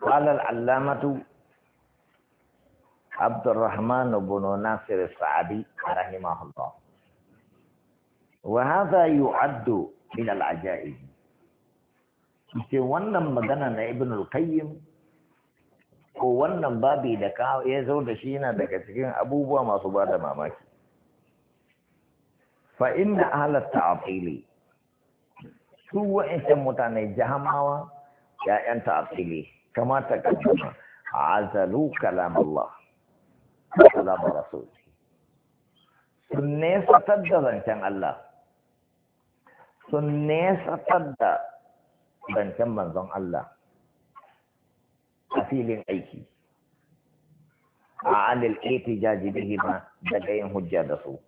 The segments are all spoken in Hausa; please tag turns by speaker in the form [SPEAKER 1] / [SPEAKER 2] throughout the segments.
[SPEAKER 1] قال العلامة عبد الرحمن بن ناصر السعدي رحمه الله وهذا يعد من العجائب ce wannan magana na ibn al-qayyim ko wannan babi da ka ya zo da shi yana daga cikin abubuwa masu ba da mamaki fa inna ahlat ta'tili su wa'ancan mutane jahamawa a ta'tili Kamata كما تقدم عزلوا كلام الله كلام رسوله sun nesatar da zancen Allah sun nesatar da zancen manzon Allah a filin aiki a alil eti jajibihi ma daga yin hujja da su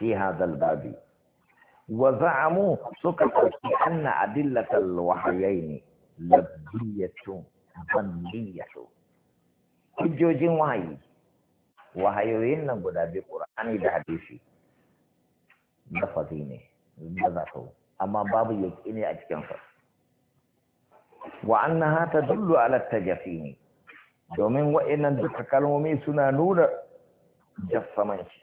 [SPEAKER 1] fi hazal babi wa za'amu suka ɗauki anna adillatal wahayai ne labbiyatun banniyatu hujjojin wahayi wahayoyin nan guda biyu qur'ani da hadisi lafazi ne da zato amma babu ne a cikin sa wa annaha tadullu ala tajafini domin wa'annan duka kalmomi suna nuna jaffaman shi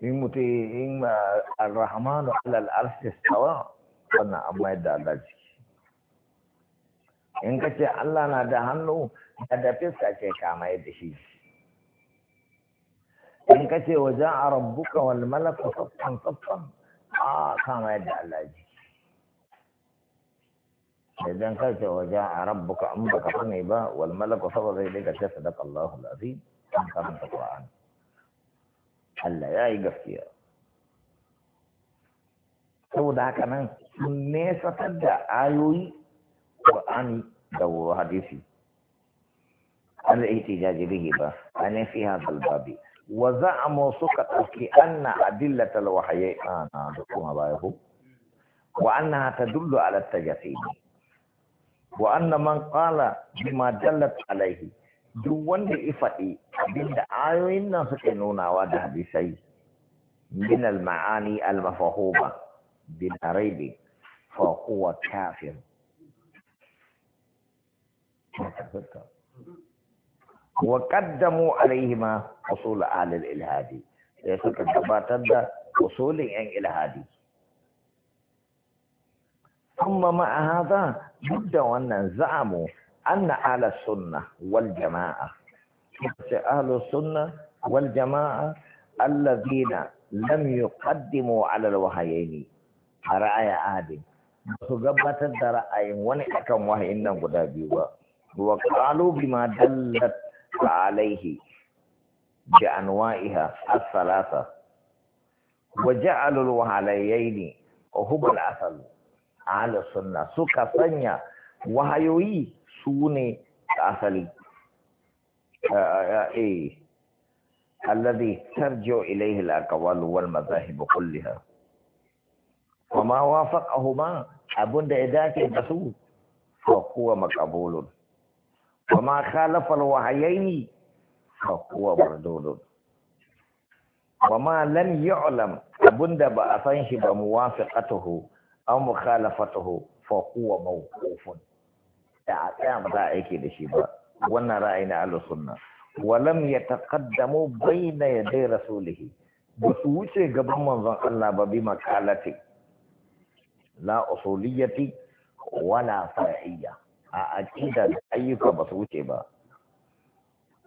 [SPEAKER 1] in mutum in ah, arrahmanu ala al-arshi istawa wannan an mayar da Allah ciki in ka ce Allah na da hannu da da fiska ce ka mai da shi in ka ce wajen a rabbuka wal malaka saffan saffan a ka mai da Allah ji idan ka ce wajen a rabbuka in baka sani ba wal malaka saffan zai daga ce sadaka Allahu lazim an karanta Qur'ani Allah ya yi gaskiya saboda haka nan sun nesatar da ayoyi ƙwa'ani da hadisi an ihtijaji bihi ba an fi hadal babi wa za a za'amu suka dauki anna adillata alwahyi na da kuma baya ko wa an na ta annaha tadullu ala tajassim wa an na man qala bima dallat alaihi duk wanda ya faɗi abinda ayoyin nan suke nunawa da hadisai min alma'ani almafahuma بالعريب فهو كافر وقدموا عليهما أصول أهل الإلهاد يتقبطت أصول أن إلهادي ثم مع هذا بد أن زعموا أن أهل السنة والجماعة أهل السنة والجماعة الذين لم يقدموا على الوهيين a ra'ayin adin ba su gabatar da ra'ayin wani akan wahayin nan guda biyu ba wa qalu bima dallat alaihi bi anwa'iha as-salasa wa ja'alul wahalayaini hubal asal ala sunna suka sanya wahayoyi su ne asali eh alladhi tarji'u ilayhi al-aqwal wal madhahib kullaha kuma wafaqahuma abunda ya dace da su fa huwa maqbulun kuma khalafa alwahyaini fa huwa mardudun وما لم abun abunda ba a san shi ba muwafaqatuhu aw mukhalafatuhu fa huwa mawqufun da a ba za a yake da shi ba wannan ra'ayi na ahlus sunna wa lam yataqaddamu bayna yaday rasulih ba su wuce gaban manzon Allah ba bi makalati la usuliyati wala far'iyya a aqida da ayyuka ba su wuce ba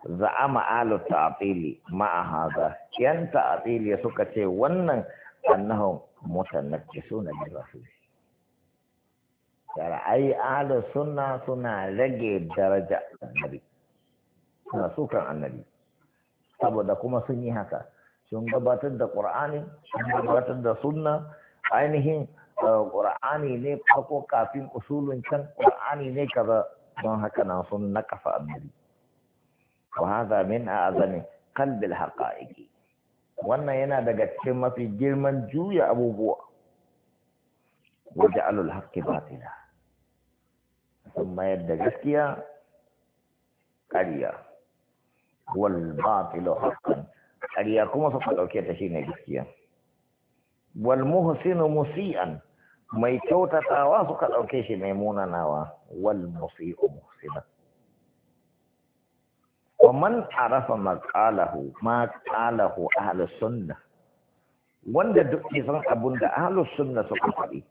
[SPEAKER 1] Za'a alu ta'tili ma'a hadha yan ta'tili suka ce wannan annahum mutanakkisuna bi rasul yara ai alu sunna suna rage daraja annabi suna sukan annabi saboda kuma sun yi haka sun gabatar da qur'ani sun gabatar da sunna ainihin qur'ani ne farko kafin usulun can qur'ani ne kaza don haka nan sun nakafa annabi wa hadha min a'zami qalbil haqa'iqi wannan yana daga cikin mafi girman juya abubuwa wa ja'alul haqqi batila sun mayar da gaskiya ƙarya wal batilu haqqan ƙarya kuma suka ɗauke ta shine gaskiya wal muhsinu musi'an mai kyautatawa suka ɗauke shi mai munanawa wal musi'u muhsina wa man arafa maqalahu ma qalahu ahlus sunnah wanda duk isan abun da ahlus sunna suka faɗi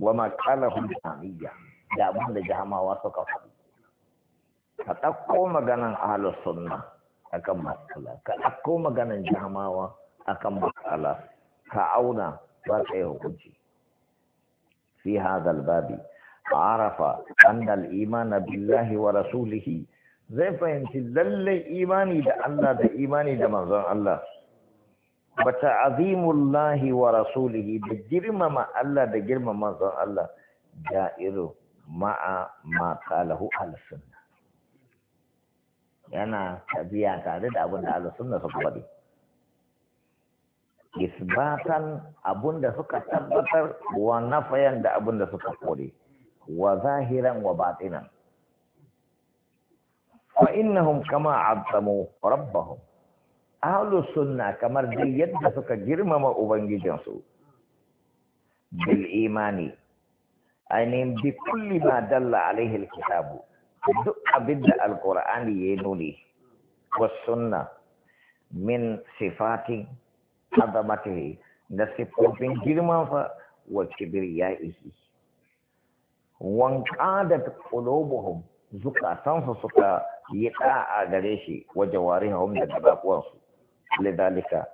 [SPEAKER 1] wa ma qalahu jahmiya da abun da jahmawa suka faɗi ka ɗauko maganan ahlus sunna akan matsala ka ɗauko maganan jahmawa akan matsala ka auna ba ka hukunci fi hadal babi arafa annal imana billahi wa rasulihi zai fahimci lallai imani da Allah da imani da manzon Allah wa ta'zimullahi wa rasulihi da girmama Allah da girmama manzon Allah da'iru ma'a ma qalahu al yana tabiya tare da abin da al-sunnah suka faɗi isbatan abun da suka tabbatar wa nafayan da abun da suka kore wa zahiran wa batinan fa innahum kama azzamu rabbahum ahlu sunna kamar dai yadda suka girmama ubangijinsu bil imani ainihin bi kulli ma dalla alaihi alkitabu duk abin da alqur'ani ya nuni wa sunna min sifatin azamatihi da siffofin girmansa wa kibriyaihi wanqadat qulubuhum zukatansu suka yi da'a gare shi wa jawarihum da gabakuwansu lidalika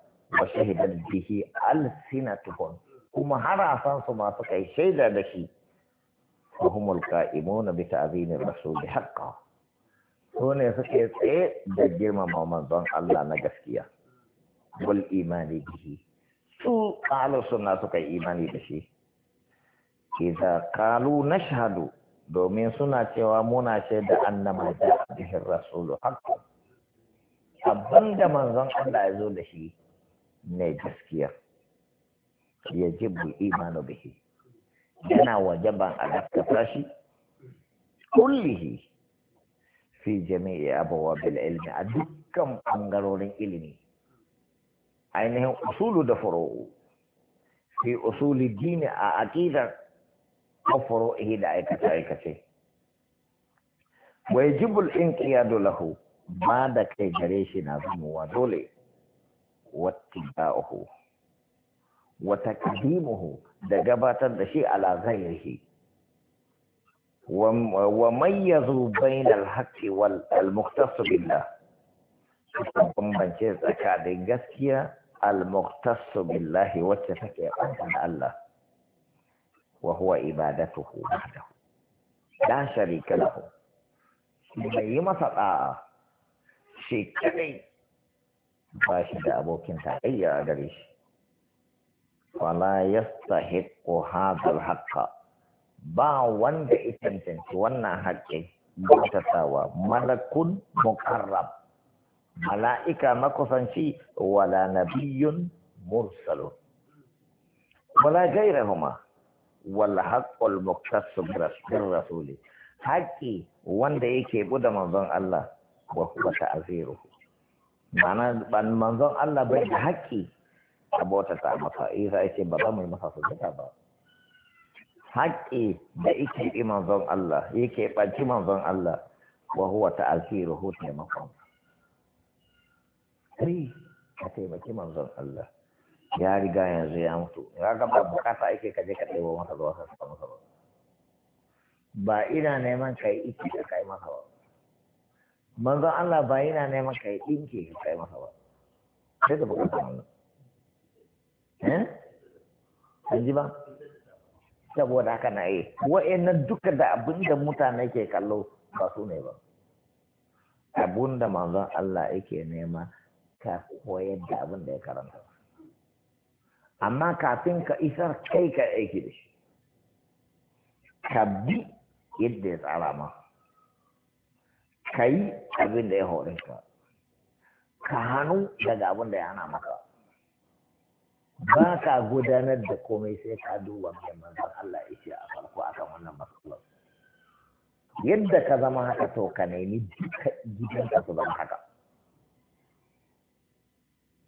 [SPEAKER 1] wa shahidat bihi alsinatuhum kuma harasansu ma suka yi shaida da shi wa humul qa'imuna bi ta'zimir rasuli haqqan su ne suke tsaye da girmama manzon Allah na gaskiya wal imani bihi su kalu suna suka imani da shi idza kalu nashhadu domin suna cewa muna shaida annama da bihi rasulu haqqan abban da manzon Allah ya zo da shi ne gaskiya yajibu imanu bihi yana wajaban a gaskata shi kullihi fi jami'i bil ilmi a dukkan bangarorin ilimi ainihin usulu da furu'u fi usuli dini a aqidar ko furu'ihi da aikace aikace Wai yajibu in inqiyadu lahu ba da kai gare shi na zamowa dole ba'uhu wata kadimuhu da gabatar da shi ala ghairihi wa mayyazu bainal haqqi wal al-mukhtas billah bambance tsakanin gaskiya al-muqtasu billahi wacce take da Allah wa huwa ibadatuhu wahdahu la sharika lahu bai yi masa da'a shi kadai ba shi da abokin tarayya a gare shi wala yastahiqu hadha al-haqqa ba wanda ya cancanci wannan haƙƙi bautatawa malakun muqarrab mala'ika makusanci wala nabiyyun mursalu wala huma wala haƙƙul muktasib birasun rasuli haƙƙi wanda yake buda manzon Allah wa huwa ta'ziruhu ma'ana manzon Allah bai da haƙƙi a abota ta masa isa yake ba mu masa sujada ba haƙƙi da yake manzon Allah yake ɓaci manzon Allah wa huwa ta'ziruhu taimakon Hari ka taimaki manzon Allah ya riga yanzu ya mutu ya ga ba bukata ake ka je ka ɗebo masa ruwa ka masa ba ba ina neman ka yi iki ka kai masa ba manzon Allah ba ina neman ka yi ɗinki ka kai masa ba sai da bukata wannan eh an ji ba saboda haka na yi wa'annan duka da abin da mutane ke kallo ba su ne ba abun da manzon Allah yake nema ka koyar da abin da ya karanta amma kafin ka isar kai ka aiki da shi ka bi yadda ya tsara ma ka yi abin da ya hore ka ka hannu daga abin da ya hana maka ba ka gudanar da komai sai ka duba mai manzan Allah ya ce a farko akan wannan matsalar yadda ka zama haka to ka nemi duka gidanka su zama haka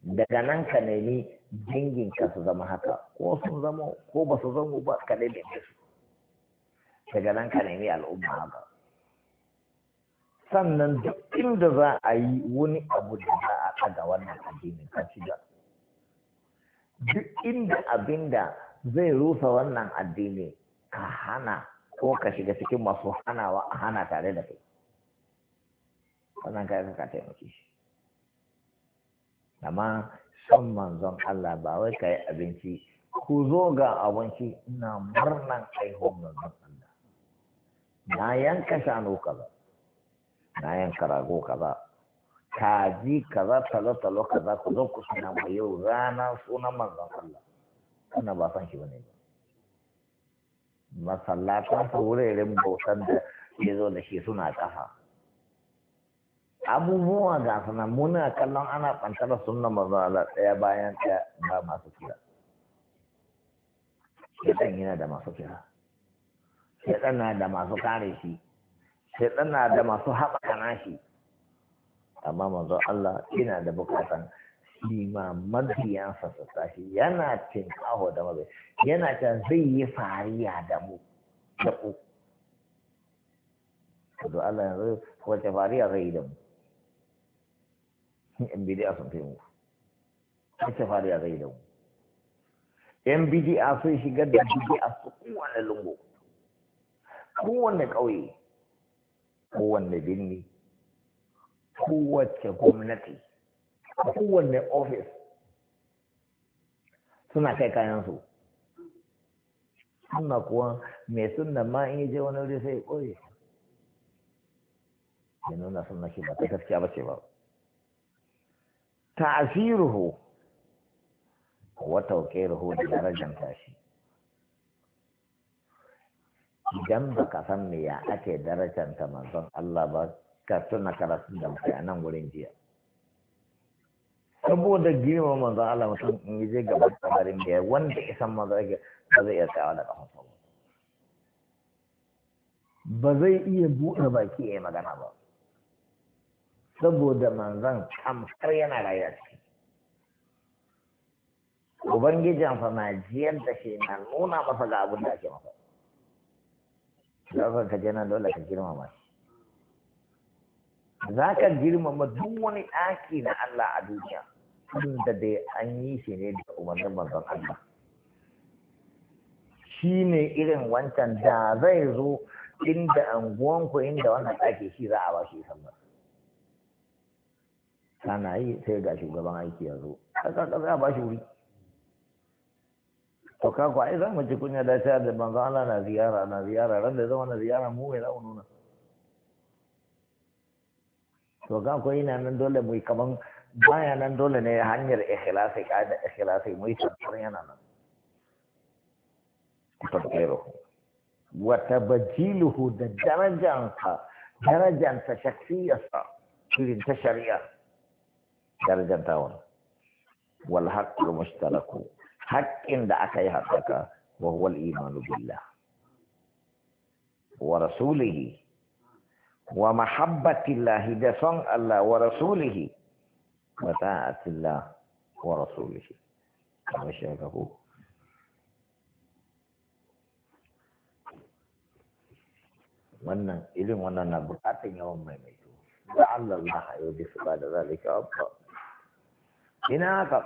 [SPEAKER 1] daga nan ka nemi dangin ka su zama haka ko sun zama ko ba su zama ba ka daidai su daga nan ka nemi al'umma haka sannan duk inda za a yi wani abu da za a ɗaga wannan addinin ka shiga duk inda abin da zai rusa wannan addini ka hana ko ka shiga cikin masu hanawa a hana tare da kai wannan ka ka taimake shi amma son manzon Allah ba wai ka abinci ku zo ga abinci ina murnan aihuwar manzon Allah na yanka shanu kaza na yanka rago kaza kaji kaza talo-talo kaza ku zo ku suna mai yau rana sunan manzon Allah ina ba san shi bane ba masallatan wurin bautan da ya da shi suna ƙafa abubuwa ga suna muna kallon ana kwantar sunna manzo Allah ɗaya bayan ɗaya ba masu kira shaitan yana da masu kira shaitan na da masu kare shi shaitan na da masu kana shi amma mazo Allah yana da bukatan limaman mabiyan su shi yana cin tinkaho da mabai yana can zai yi fariya da mu da ku. Allah yanzu wace fariya zai yi da mu. yan bidiya sun fi mu fara ya zai da mu yan bidiya sun shigar da bidiya su kowane lungu kowane ƙauye kowane birni kowace gwamnati kowane ofis suna kai kayansu suna kuwa mai suna ma in yi je wani wuri sai ya ƙoye ya nuna suna shi ba ta gaskiya ba ce ba ta'asiruhu wa tawqiruhu da darajar tashi idan ka san me ya ake darajar ta manzon Allah ba ka tuna karatu da muke a nan wurin jiya saboda girma manzon Allah mutum in yi zai gaba kabarin da wanda ya san manzon Allah ba zai iya tsayawa da kafan ba zai iya buɗe baki ya magana ba saboda manzan kamar yana rayuwa ce ubangijin fa na jiyar da shi na nuna masa ga abin da ake masa lafar ka jana dole ka girmama shi za ka girmama duk wani ɗaki na Allah a duniya da dai an yi shi ne da umarnin manzan Allah shi ne irin wancan da zai zo inda anguwanku inda wannan ɗaki shi za a ba shi sannan. kana yi sai ga shugaban aiki yanzu. zo kaga kaza ya bashi wuri to ka ai za mu ji kunya da ta da banza Allah na ziyara na ziyara ran da zama na ziyara mu mai zamu nuna to ga ko ina nan dole mu kaman baya nan dole ne hanyar ikhlasi kada ikhlasi mu yi tsare yana nan tafsiruhu wa tabjiluhu da darajansa darajanta shakhsiyarsa irin ta shari'a darajantawan wal haqqul mushtaraku haqqin da aka yi haɗaka wa huwa al imanu billah wa rasulihi wa mahabbatillahi da son Allah wa rasulihi wa ta'atillah wa rasulihi kama shakahu wannan irin wannan na bukatun yawan maimaito da Allah Allah ya yi su ba da zalika abba ina haka